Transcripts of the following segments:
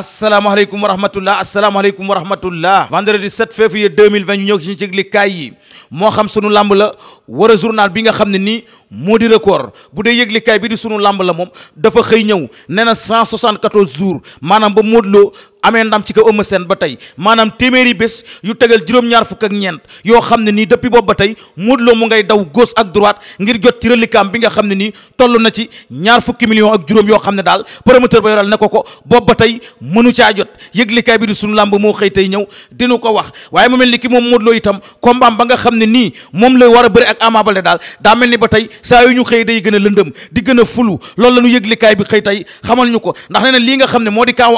asalaamaaleykum wa rahmatullah asalaamaaleykum wa rahmatullah vendredi 7 février 2020 ñu ñëw ci ci yëglikaay yi moo xam sunu lamb la war a journal bi nga xam ne nii moo di record bu dee yëglikaay bi di sunu làmb la moom dafa xëy ñëw nee na 174 jours maanaam ba Modou Lo amee ndam ci ko Eumeu Sène ba tey maanaam téeméeri bés yu tegal juróom-ñaar fukk ak ñeent yoo xam ne nii depuis boobu ba tey Modou Lo mu ngay daw gos ak droite ngir jot ci reliquat bi nga xam ne nii toll na ci ñaar fukki million ak juróom yoo xam ne daal promoteur ba yoral ne ko ko boobu ba tey mënu caa jot yëglikaay bi di suñu làmb moo xëy tey ñëw dinu ko wax waaye mu mel ni ki moom Modou Lo itam combat ba nga xam ne nii moom la war a bëri ak Ama daal daa mel ni ba tey saa ñu xëy day gën a lëndëm di gën a fulu loolu la ñu yëglikaay bi xëy tey xamal ñu ko ndax nee na lii nga xam ne moo di kaawu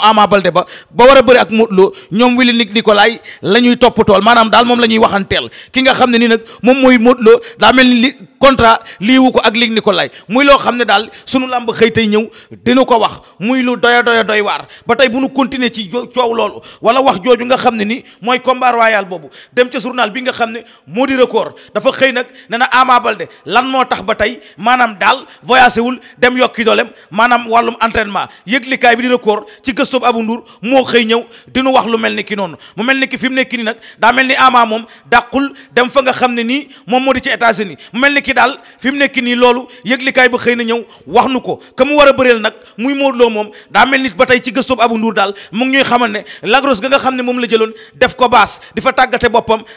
ba ba war a bëri ak Modou Lo ñoom Willy Nick Nicolai la ñuy toppatool maanaam daal moom la ñuy waxanteel ki nga xam ne ni nag moom mooy Modou Lo daa mel ni li contrat lii ko ak Luc Nicolai muy loo xam ne daal sunu làmb xëy tey ñëw dina ko wax muy lu doya doya doy waar ba tey bu nu continuer ci coow loolu wala wax jooju nga xam ne ni mooy combar royal boobu dem ca journal bi nga xam ne moo di record dafa xëy nag ne na Ama lan moo tax ba tey maanaam daal voyagé wul dem yokki doolem maanaam wàllum entraînement yëglikaay bi di record ci gëstoob Abou Ndour moo moo xëy ñëw dinu wax lu mel ni ki noonu mu mel ni ki fi mu nekk nii nag daa mel ni ama moom dàqul dem fa nga xam ne nii moom moo di ci États-Unis mu mel fi mu nekk nii loolu yëglikaay ba xëy na wax nu ko ka mu war a bëreel nag muy Modou Lo moom daa mel ni ba tey ci gëstoob Abu Nduur daal mu ngi ñuy ne lagros ga nga xam ne moom la jëloon def ko baas di fa tàggate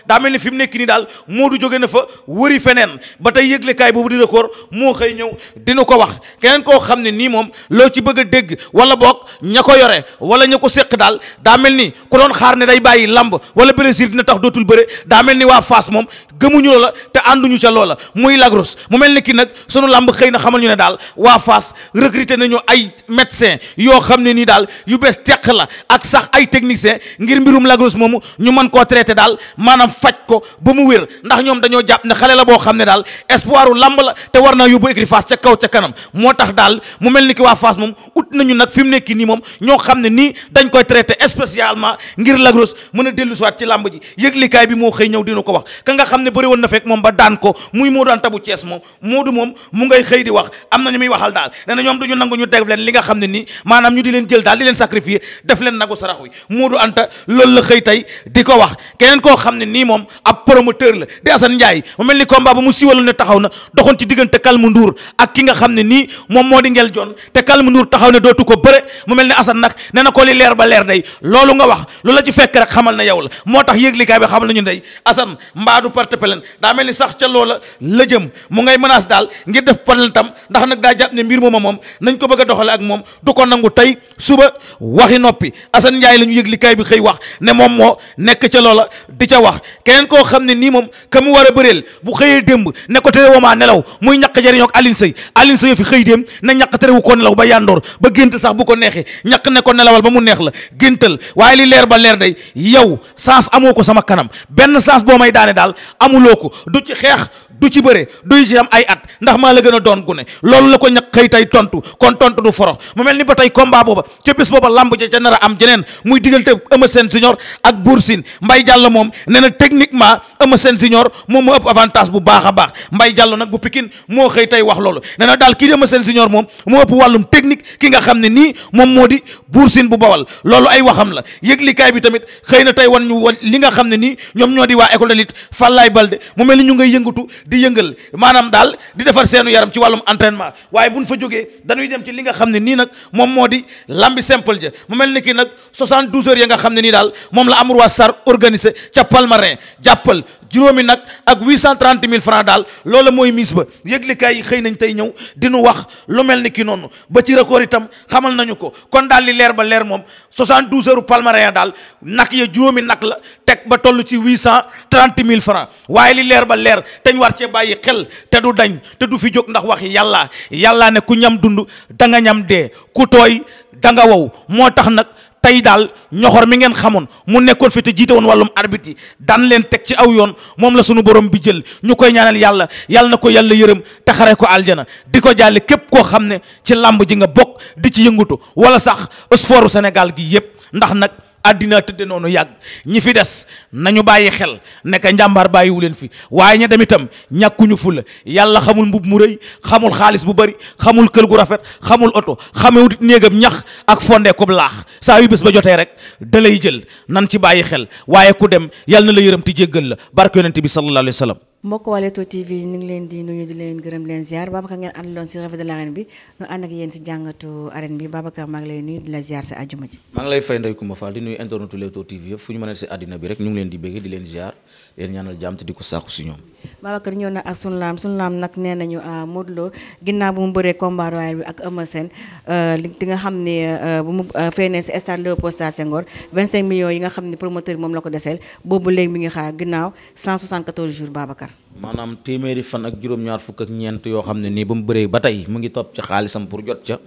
daa mel ni fi mu nekk nii daal Modou jóge na fa wëri feneen ba tey yëglikaay boobu di record moo xëy ñëw dina ko wax keneen koo xam ne nii moom loo ci bëgg a dégg wala boog ña ko yore wala ña ko seq daal daa mel ni ku doon xaar ne day bàyyi lamb wala Brésil dina tax dootul bëre daa mel ni waa Fass moom gëmuñu loola te ànduñu ca loola muy lagros mu mel ni ki nag sunu làmb xëy na xamal ñu ne daal waa Fass recruter nañu ay médecin yoo xam ne nii daal yu bees teq la ak sax ay technicien ngir mbirum lagros moomu ñu mën koo traité daal maanaam faj ko ba mu wér ndax ñoom dañoo jàpp ne xale la boo xam ne daal espoiru làmb la te war naa yóbbu écurie Fass ca kaw ca kanam moo tax daal mu mel ni ki waa Fass moom ut nañu nag fi mu nekk nii moom ñoo xam ne nii dañ koy traité spécialement ngir lagros mën a dellu siwaat ci làmb ji yëglikaay bi moo xëy ñëw dina ko wax ka xam ne bëri woon na fekk moom ba daan ko muy Modou Anta bu Thiès moom Modou moom mu ngay xëy di wax am na ñu muy waxal daal nee na ñoom duñu nangu ñu def leen li nga xam ne nii maanaam ñu di leen jël daal di leen sacrifier def leen nagu sarax wi Modou Anta loolu la ko wax keneen koo xam ne nii moom ab promoteur la di Assane Ndiaye mu mel ni combat ba mu siwaloon ne taxaw na doxoon ci diggante Kalmu Ndour ak ki nga xam ne nii moom moo di ngel jon te Kalmu Ndour taxaw ne dootu ko bëre mu mel ni Assane nag nee na ko li leer ba leer day loolu nga wax lu la ci fekk rek xamal na yow la moo tax yëglikaay bi xamal nañu day Assane mbaadu plainte daa mel ni sax ca loola la jëm mu ngay menace daal ngir def plainte am ndax nag daa jàpp ne mbir mooma moom nañ ko bëgg a doxale ak moom du ko nangu tey suba waxi noppi Assane Ndiaye la ñu yëg li kaay bi xëy wax ne moom moo nekk ca loola di ca wax keneen koo xam ne nii moom ka mu war a bëreel bu xëyee démb ne ko tere womaa nelaw muy ñaq jariñoo ak Alioune Seye Alioune fi xëy déem ne ñàkk terewu ko nelaw ba yandoor ba géntal sax bu ko neexee ñàkk ne ko ba mu neex la géntal waaye li leer ba leer day yow sens amoo ko sama kanam benn sens boo may daane daal amuloo ko du ci xeex du ci bëre duy ci ay at ndax maa la gën a doon gune loolu la ko ñàkk xëy tey tontu kon tontu du forox mu mel ni ba tey combat booba ca bis booba lamb ja ca nar am jeneen muy diggante Eumeu seen Junior ak Bour Sine Mbaye Diallo moom nee na techniquement ama seen Junior moom moo ëpp avantage bu baax a baax mbay jàll nag bu Pikine moo xëy tey wax loolu nee na daal kii di Eumeu Sène Junior moom moo ëpp wàllum technique ki nga xam ne nii moom moo di Bour bu bawal loolu ay waxam la yëglikaay bi tamit xëy na tey wan ñu li nga xam ne nii ñoom ñoo di waa école de lutte Balde mu mel ni ñu ngay yëngatu di yëngal maanaam daal di defar seenu yaram ci wàllum entraînement waaye buñ fa jógee dañuy dem ci li nga xam ne nii nag moom moo di lambi simple ja mu mel ni ki nag 72 heures ya nga xam ne nii daal moom la Amadou sar organisé ca Palmarin jàppal juróomi nag ak huit cent trente mille francs daal loola mooy mise ba yëglikaay yi xëy nañ tey ñëw di nu wax lu mel ni ki noonu ba ci record itam xamal nañu ko kon daal li leer ba leer moom soixante douze heures palmarin daal nag ya juróomi nag la teg ba toll ci huit cent trente mille francs waaye li leer ba leer teñ war cee bàyyi xel te du dañ te du fi jóg ndax wax yàlla yàlla ne ku ñam dund da nga ñam dee ku tooy da nga wow moo tax nag tey daal ñoxor mi ngeen xamoon mu nekkoon fi te jiite woon wàllum arbitre yi daan leen teg ci aw yoon moom la sunu borom bi jël ñu koy ñaanal yàlla yàlla na ko yàlla yërëm te xare ko aljana di ko jàlle képp koo xam ne ci làmb ji nga bokk di ci yëngutu wala sax sportu Sénégal gi yëpp ndax nag àddina tëdde noonu yàgg ñi fi des nañu bàyyi xel nekk njàmbaar bàyyiwu leen fi waaye ña dem itam ñàkkuñu fu la yàlla xamul mbubb mu rëy xamul xaalis bu bëri xamul kër gu rafet xamul oto xamewut néegam ñax ak fondé ko laax saa yu bés ba jotee rek da lay jël nan ci bàyyi xel waaye ku dem yàlla na la yërëm ti jéggal la barke yonente bi sallallahu alayhi wa sallam mbokk waa Leewtoo TV ñu ngi leen di nuyu di leen gërëm leen ziar Babacar ngeen àndaloon si revue de l'arène bi ñu ànd ak yéen jàngatu arène bi Babacar maa ngi lay nuyu di la ziar si àjjuma ji maa lay fay Ndeye Coumba Fall di nuyu internetu Leewtoo TV yëpp fu ñu mën a si àddina bi rek ñu ngi leen di bégg di leen ziar leen ñaanal jàmm te di ko saaku si ñoom. Babacar ñëw na ak sunu laam sunu laam nag nee nañu euh, Modou Lo ginnaaw bu mu bëree combat royal bi ak Eumeu Sène euh, li nga xam ne euh, bu mu feeñee si stade Léopold Sédar Senghor 25 millions yi nga xam ne promoteur moom la ko deseel boobu léegi mi ngi xaar ginnaaw 174 jours Babacar. maanaam téeméeri fan ak juróom-ñaar fukk ak ñeent yoo xam ne nii ba mu bëree ba tey mu ngi topp ci xaalisam pour jot ca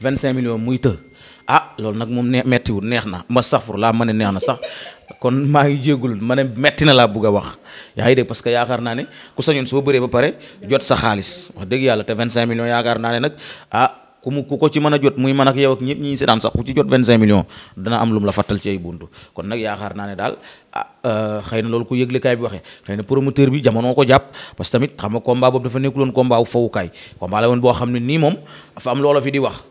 25 millions muy të ah loolu nag moom nee méttiwul neex na ma safur laa ma ne neex na sax. kon maa ngi jéggul ma metti na laa bëgg a wax yaa ngi dégg parce que yaakaar naa ne ku sañoon soo bëree ba pare jot sa xaalis wax dëgg yàlla te 25 millions yaakaar naa ne nag ah ku ko ci a jot muy man ak yow ak ñëpp ñi seetaan sax ku ci jot 25 millions dana am lu mu la fattal ci ay buntu kon naa ne daal ah euh, na loolu ko ku yëglekaay bi waxee xëy na promoteur bi jamono ko jàpp parce que tamit xam nga combat boobu dafa nekkuloon combat wu fawukaay combat la woon boo xam ne nii moom dafa am loola fi di wax.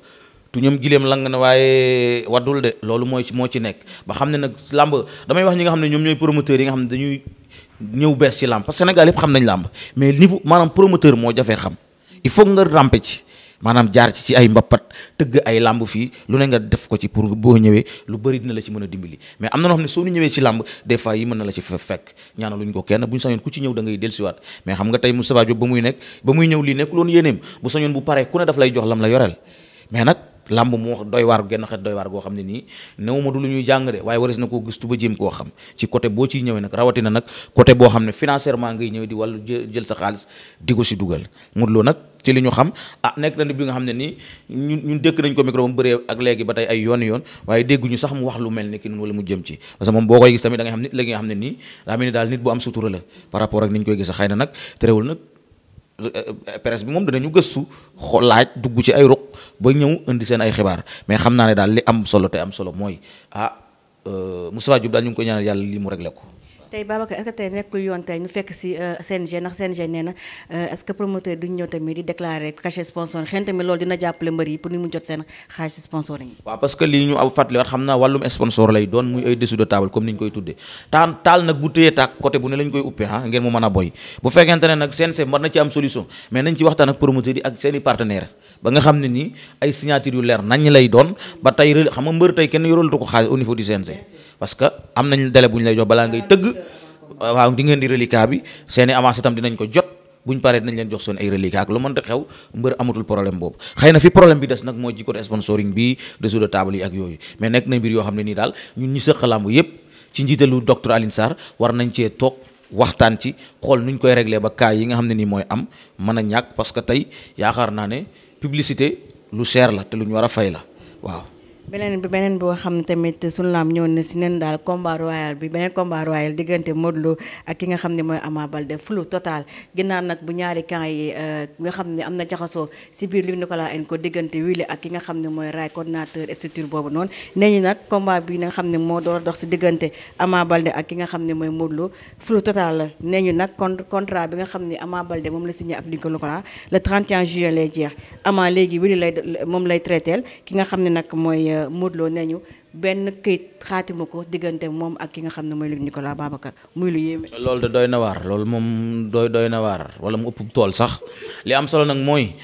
tuñam gileem lang na waaye waddul de loolu mooy moo ci nekk ba xam ne nag làmb damay wax ñi nga xam ne ñoom ñooy promoteurs yi nga xam ne dañuy ñëw bees ci làmb parce que Sénégal yëpp xam nañ làmb mais niveau maanaam promoteur xam il faut nga rampe ci maanaam jaar ci ci ay mbappat tëgg ay làmb fii lu ne ko ci pour boo ñëwee lu bëri dina la ci mën a dimbali mais am na noo xam ne soo ñu ñëwee ci làmb des fois yi mën na la ci fekk ñaana luñ ko kenn bu ñu sañoon ku ci ñëw da ngay mais xam nga tey Moustapha Diop ba muy nekk ba muy ñëw lii nekk loon yéeneem bu sañoon bu paree ku ne daf lay jox lam la yoreel mais nag làmb mu wax doy waar genn xeet doy waar goo xam ne nii newuma du lu ñuy jàng de waaye waris na koo gëstu ba jéem koo xam ci côté boo ciy ñëwee nag rawatina nag côté boo xam ne financièrement ngay ñëwee di wàllu jël sa xaalis si dugal Modou Lo nag ci li ñu xam ah, nekk na ni bi nga xam ne nii ñun ñun dëkk nañ ko micro mu bëree ak léegi ba tey ay yoon yoon waaye dégguñu sax mu wax lu mel ni ki noonu wala mu jëm ci parce que moom boo koy gis tamit da xam nit la xam ne nii daa mel daal nit bu am sutura la par rapport ak ni ñu koy gis xëy na nag terewul nag Euh, presse bi moom danañu gëstu xool laaj dugg ci ay ruq ba ñëw indi seen ay xibaar mais xam naa ne daal li am solo te am solo mooy ah euh, Moustapha Diop daal ñu ngi koy ñaanal yàlla lii mu réglé ko. tey Babacar est-ce tey nekkul yoon tey ñu fekk si euh, CNG ndax CNG nee na euh, est-ce que ñëw tamit di déclarer cachet sponsor xëy na tamit dina jàppale mbër yi pour ni mu jot seen xaalis sponsor yi. waaw parce que lii ñu ab fàttaliwaat xam naa wàllum sponsor lay doon muy ay dessous de table comme ni ñu koy tuddee taal taal nag bu téyee tàkk côté bu ne lañ koy uppee ah ngeen mu mën a boy bu fekkente ne nag CNG mën na ci am solution mais nañ ci waxtaan ak promoteur ne nii ay signature leer nañ lay doon ba tey xam nga mbër tey kenn yoralutu ko parce que am nañ délai bu ñu lay jox balaa ngay tëgg waaw di ngeen di reliquat bi seen i avance itam dinañ ko jot bu buñ paree dinañ leen jox seen ay reliquat ak lu mënta xew mbër amatul problème boobu xëy na fi problème bi des nag mooy ci côté sponsoring bi dessous de table yi ak yooyu mais nekk na mbir yoo xam ne nii daal ñu ñi sëq làmb yépp ci njiitalu docteur Alioune Sarr war nañ cee toog waxtaan ci xool nuñ koy régler ba cas yi nga xam ne nii mooy am mën a ñàkk parce que tey yaakaar naa ne publicité lu cher la te lu ñu war a fay la waaw beneen bi beneen boo xam tamit sunu laam ñëw na si nen daal combat royal bi beneen combat royal diggante Modou Lo ki nga xam ne mooy Ama Baldé flou total ginnaaw nag bu ñaari camp yi euh, nga xam ne am na jaxasoo si biir Luc Nicolaï en ko diggante Wili ak ki nga xam ne mooy Ray coordinateur boobu noonu nee ñi nag combat bi nga xam ne moo door dox si diggante Ama ak ki nga xam ne mooy Modou Lo total la nee ñu nag con contrat bi nga xam ne Ama Baldé moom la signé ak Luc Nicolaï le 31 juillet lay jeex Ama léegi Wili lay moom lay traiteel ki nga xam ne nag mooy euh, Modou Lo nañu benn këyit xaatima ko diggante moom ak ki nga xam ne mooy ko Nicolas Babacar muy lu yéeme. loolu de doy na waar loolu moom doy doy na waar wala mu ëpp tool sax li am solo nag mooy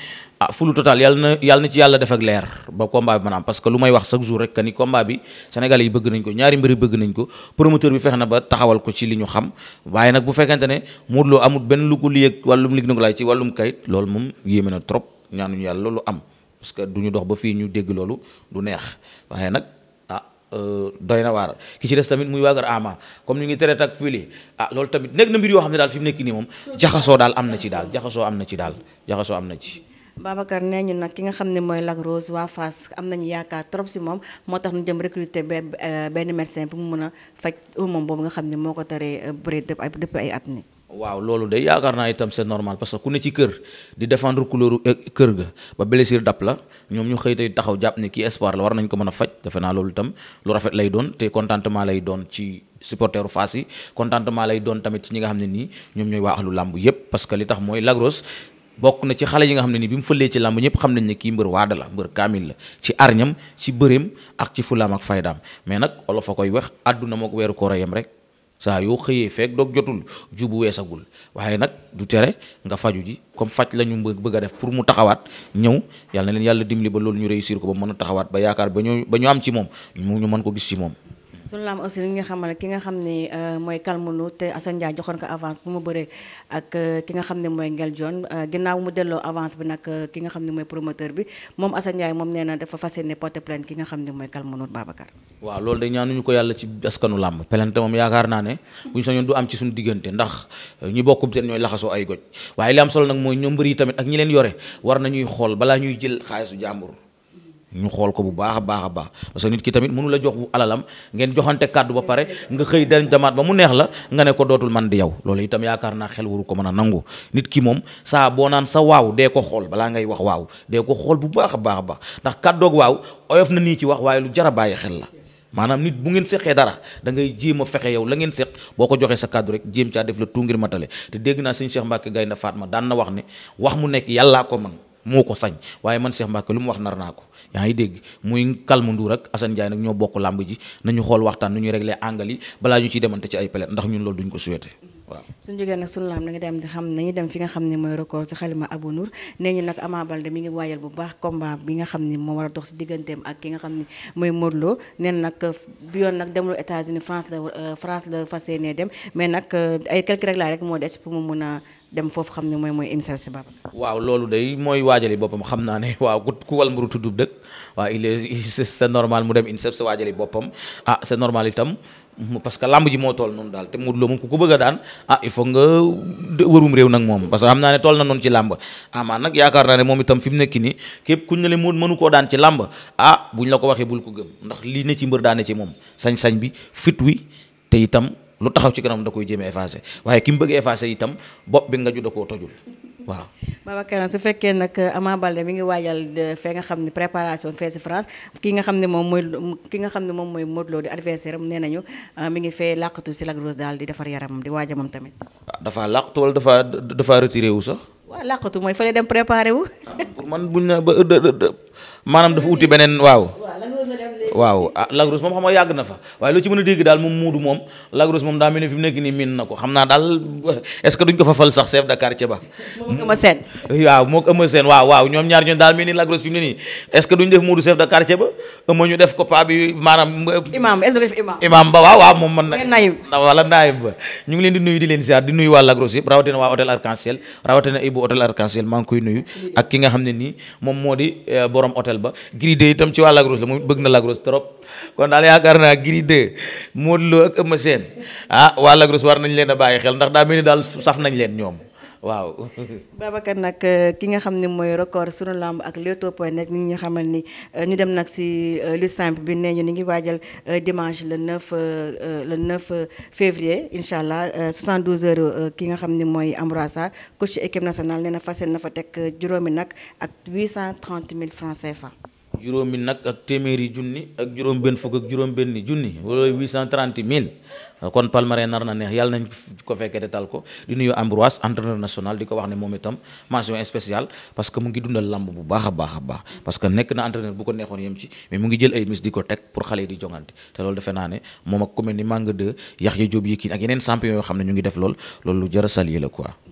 ah fulu total yàlla na yàlla ci yàlla def leer ba combat bi maanaam parce que lu may wax chaque jour rek que ni combat bi Sénégalais yi bëgg nañ ko ñaari mbëri bëgg nañ ko promoteur bi fexe na ba taxawal ko ci li ñu xam waaye nag bu fekkente ne Modou Lo benn lu ko lii ak wàllum Luc ci wàllum kayit loolu moom yéeme na trop ñaanuñu yàlla loolu am. parce du ñu dox ba fii ñu dégg loolu du neex waaye nag ah euh, doy na waar ki ci des tamit muy waagar ama comme ñu ngi tere tak fii ah loolu tamit nekk na mbir yoo xam ne daal fi mu nekk nii moom jaxasoo daal am na ci daal jaxasoo am na ci daal jaxasoo am na ci Babacar nee ñu nag ki nga xam ne mooy Lac Rose waa Fass am nañu yaakaar trop si moom moo tax ñu jëm recruter euh, benn médecin bu mu mën a faj moom boobu nga xam ne moo ko teree euh, bëri depuis ay at nii waaw loolu day yaakaar naa itam c'est normal parce que ku ne ci kër di défendre couleur e, kër ga ba blessure dap la ñoom ñu xëy tey taxaw jàpp ne kii espoir la war nañ ko mën a faj defe naa loolu itam lu rafet lay doon te contentement lay doon ci supporteru Fass yi contentement lay doon tamit ci ñi nga xam ne nii ñoom ñooy waa ahlu làmb yépp parce que li tax mooy Lac bokk na ci xale yi nga xam ne nii bi mu fëlee ci làmb ñëpp xam nañ ne kii mbër waada la mbër kaamil la ci arñam ak ci fulaam ak faydaam mais nag olof a koy wax àdduna mook weeru koor a rek saa yoo xëyee fekk doog jotul jubu weesagul waaye nag du tere nga faju ji comme faj la ñu bëgg a def pour mu taxawaat ñëw yàlla na leen yàlla dimbali ba loolu ñu réussir ko ba mën a taxawaat ba yaakaar ba ñu ba ñu am ci moom mu ñu mën ko gis ci moom sunu laam aussi li nga xamal ki nga xam ne euh, mooy kalmunu te Assane Ndiaye joxoon ko avance bu mu bëree ak euh, ki nga xam ne mooy Ngel John euh, gannaaw mu delloo avance bi nag ki nga xam ne mooy promoteur bi moom Assane Ndiaye moom nee na dafa fas yéene porter ki nga xam ne mooy kalmunu Babacar waaw loolu de ñaanuñu ko yàlla ci askanu làmb plainte moom yaakaar naa ne bu ñu sañoon du am ci suñu diggante ndax ñi bokkum seen ñooy laxasoo ay goj waaye li am solo nag mooy ñoo mbër yi tamit ak ñi leen yore war nañuy xool balaa ñuy jël xaalisu jàmbur ñu xool ko bu baax a baax a baax parce nit ki tamit mënu la jox alalam ngeen joxante kàddu ba pare nga xëy dañ damaat ba mu neex la nga ne ko dootul man di yow loolu itam yaakaar naa xel waru ko mën a nangu nit ki moom saa boo naan sa waaw dee ko xool balaa ngay wax waaw dee ko xool baax a baax baax ndax kàddoog waaw oyof na nii ci wax waaye lu jar a bàyyi xel la maanaam nit bu ngeen seqee dara da ngay jéem fexe yow la ngeen seq boo ko joxee sa kàddu rek jéem caa def la tout ngir matale te dégg naa sëñ Cheikh Mbacke Gaynde Fatma daan na wax ne wax mu nekk yàllaa ko man moo ko sañ waaye man Cheikh Mbacke lu mu wax nar naa ko yaa ngi dégg muy Kalmu Ndour ak Assane Ndiaye nag ñoo bokk làmb ji nañu xool waxtaan nu ñu régler angle yi balaa ñu ci demante ci ay pelet ndax ñu loolu duñ ko souhaité waaw suñu jógee nag suñu laam nañu dem di xam nañu dem fi nga xam ne mooy record ci xalima Abou Nour nee ñu nag Ama Baldé mi ngi waajal bu baax combat bi nga xam ne moo war a dox ci digganteem ak ki nga xam ne mooy Modou Lo nee na nag bi yoon nag demul États-Unis France la euh, France la fas yéenee dem mais nag euh, ay quelque rek laa rek moo des pour mu mun a dem foofu xam ne mooy mooy imsal si baba waaw loolu day mooy waajali boppam xam naa ne waaw ku wal mburu tuddub dëkk waaw il est c'est normal mu dem INSEP sa waajali boppam ah c'est normal itam parce que lamb ji moo tool noonu daal te Modou Lo moom ku ko bëgg a daan ah il faut nga wërum réew nag moom parce que xam naa ne toll na noonu ci làmb amaan ah, nag yaakaar naa ne moom fi mu nekk nii képp kuñ ne le Modou mënu koo daan ci làmb ah buñ la ko waxee bul ko gëm ndax lii ne ci mbër daane ci moom sañ-sañ bi fit wi te itam lu taxaw ci kanam da koy jéem a effacé waaye ki mu bëgg effacé itam bopp bi nga ju da koo tojul waaw Babacar su fekkee nag Ama Baldé mi ngi waajal fee nga xam ni préparation fee si France ki nga xam ne moom mooy ki nga xam ne moom mooy Modou Lo di adversaire am nee nañu ah, mi ngi fee làqatu si Lac Rose daal di defar yaram di waaja tamit ah, dafa làqatu wala dafa dafa retiré wu sax waaw làqatu mooy fa lay dem préparé wu pour ah, man buñ na ba maanaam dafa uti beneen waaw waaw ah Lac moom xam nga yàgg na fa waaye loo ci mën a dégg daal moom muudu moom Lac Rose moom daa mel ni fi mu nekk nii hmm? ñaar ñoom daal mel ni Lac Rose fi nii est ba Eumeu ñu euh, moom mën na. naayib wala ñu ngi leen di nuyu di leen ziar di nuyu waa Lac Rose yëpp rawatina waa hôtel Arc-en-Ciel rawatina hôtel arc maa ngi koy nuyu ak ki nga xam ne nii moom moo di euh, borom hôtel ba gridé itam ci waa Lac la moom bëgg na Lac trop kon daal yaakaar naa Gris de Modou Lo ak Eumeu Sène ah waa Lac Rose war nañ leen a bàyyi xel ndax daa mel ni daal saf nañ leen ñoom waaw. Babacar nag euh, ki nga xam ne mooy record sunu lamb ak Leewtoo point net ñi nga xamal ni euh, ñu dem nag si euh, lu simple bi nee ñu ni ngi waajal dimanche le 9 le 9 février incha allah 72 heures ki nga xam ni mooy Ambroise Sarr coach équipe nationale nee na fas na fa teg juróomi nag ak 830 000 francs CFA. juróomi nag ak téeméeri junni ak juróom benn fukk ak juróom benn junni wala 830 mille kon palmarin nar na neex yàlla nañ ko fekkee te ko di nuyu Ambroise entraîneur national di ko wax ne moom itam mention spéciale parce que mu ngi dundal lamb bu baax a baax a baax parce que nekk na entraîneur bu ko neexoon yem ci mais mu ngi jël ay mis di ko teg pour xale yi di jongante te loolu defe naa ne moom ak ku ni Manga 2 Yaxya Jóob ñu ngi def lool loolu lu jar a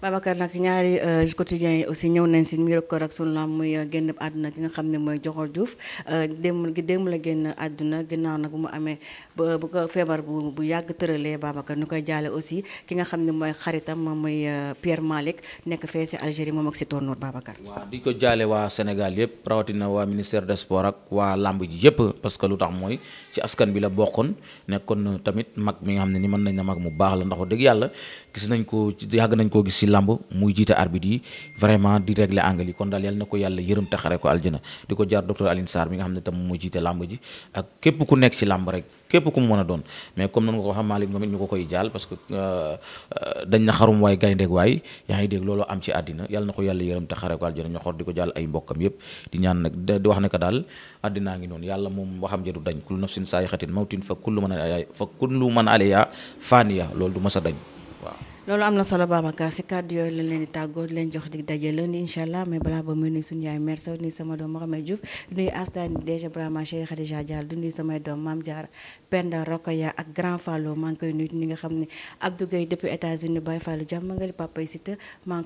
Babacar nag ñaari euh, quotidien yi aussi ñëw nañ si ñu rek ko ak sunu lam muy euh, génn àdduna ki nga xam ne mooy Joxor Diouf euh, démb gi démb la génn àdduna ginnaaw nag mu amee ba bu ko feebar bu bu yàgg tëralee Babacar ñu koy jaale aussi ki nga xam ne mooy xaritam moom mooy Pierre Malick nekk fee si Algérie moom ak si tournoi Babacar. waaw di ko jaale waa Sénégal yëpp rawatina waa ministère des sports ak waa làmb ji yëpp parce que lu tax mooy ci askan bi la bokkoon nekkoon tamit ma mi nga xam ne ni mën nañ na mag mu baax la ndax dëgg yàlla gis làmb muy jiite arbitre yi vraiment di régler angle yi kon daal yàlla na ko yàlla yërëm taxare ko aljana di ko jaar docteur Alioune Sarr mi nga xam ne tam moo jiite làmb ji ak képp ku nekk ci làmb rek képp ku mu mën doon mais comme noonu nga ko koy jaal parce que euh, euh, dañ na xarum waay gayndeeg waay yaa ngi dégg loolu am ci àddina yàlla na ko yàlla yërëm te xare ko aljana di ko jaal ay mbokkam yëpp di ñaan nag di wax ne daal àddinaa ngi noonu yàlla moom waxam ja du dañ kullu nafsin saayixatin mawtin fa kullu man fa kullu man alayha faaniya loolu du mas a dañ loolu am na solo Babacar si kàddu yooyu lañ leen di tàggoo di leen jox di daje lundi incha allah mais balaa ba muy nuyu suñu yaay mère Sow sama doom Mohamed Diouf nuyu Astane déjà ak Grand Fallou maa ngi koy nuyu ñi nga xam ne Abdou Gueye depuis États-Unis Baye Fallou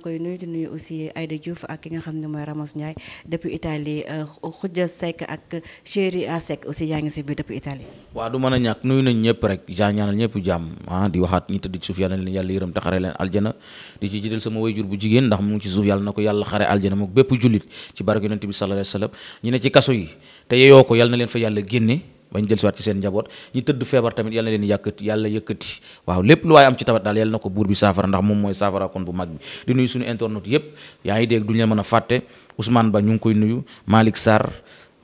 koy nuyu di aussi Aïda Diouf ak ki nga xam ne mooy Ramos Ndiaye depuis Italie euh, Khoudia Seck ak Chéri A Seck aussi yaa ngi si biir depuis Italie. waaw du mën a ñàkk nuyu nañ ñëpp rek ja ñaanal ñëpp jàmm ah, di waxaat ñi tëdd suuf yàlla yàlla yërëm taxare xare leen aljana di ci jiital sama wayjur bu jigéen ndax mu ngi ci suuf yàlla na ko yàlla xare aljana mook bépp jullit ci barke yonent bi sallallahu alayhi wasallam ñu ne ci kaso yi te yeyoo ko yàlla na leen fa yàlla génne bañ jël siwaat ci seen njaboot ñi tëdd feebar tamit yàlla na leen yàkkati yàlla yëkkati waaw lépp lu waaye am ci tawat daal yàlla na ko buur bi saafara ndax moom mooy saafara kon bu mag bi di nuyu suñu internet yépp yaa ngi dégg duñu leen mën a fàtte Ousmane Ba ñu ngi koy nuyu Malick Sarr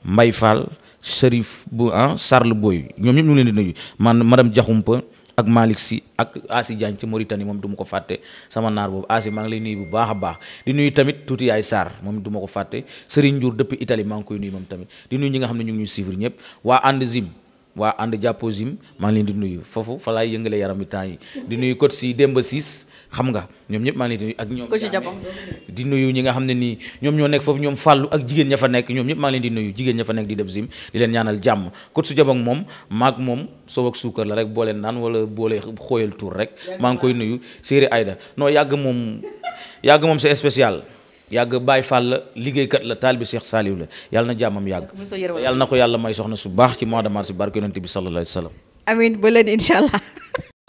Mbaye Fall Serif bu ah Sarl Boy ñoom ñëpp ñu ngi leen di nuyu man madame Diakhoumpa ak Malick Sy ak Asi Diagne ci Mauritanie moom du ma ko fàtte sama naar boobu Asi maa ngi lay bu baax a baax di nuyu tamit tuuti yaay Sarr moom duma ko fàtte Serigne Ndiour depuis itali maa ngi koy nuyu moom tamit di nuyu ñi nga xam ne ñu ngi ñuy suivre ñëpp waa ànd zim waa ànd jàppo zim maa ngi leen di nuyu foofu fa laay yëngale yaram bi temps yi di nuyu coach si Demba Ciss xam nga ñoom ñëpp maa ngi leen di nuyu ñi nga xam ne nii ñoom ñoo nekk foofu ñoom fàllu ak jigéen ña fa nekk ñoom ñëpp maa ngi leen di nuyu jigéen ña fa nekk di def zim di leen ñaanal jàmm kot su jabang moom maag moom soow ak suukar la rek boo leen naan wala boolee xooyal tur rek maa ngi koy nuyu séeri ayda non yàgg moom yàgg moom sa spécial yàgg Baye Fall la liggéeykat la taalibi Cheikh Saliou la yàlla na jàmmam yàgg yàlla na ko yàlla may soxna su baax ci mois de mars barke yonent bi sallallahu alayhi wa sallam amin ba leen incha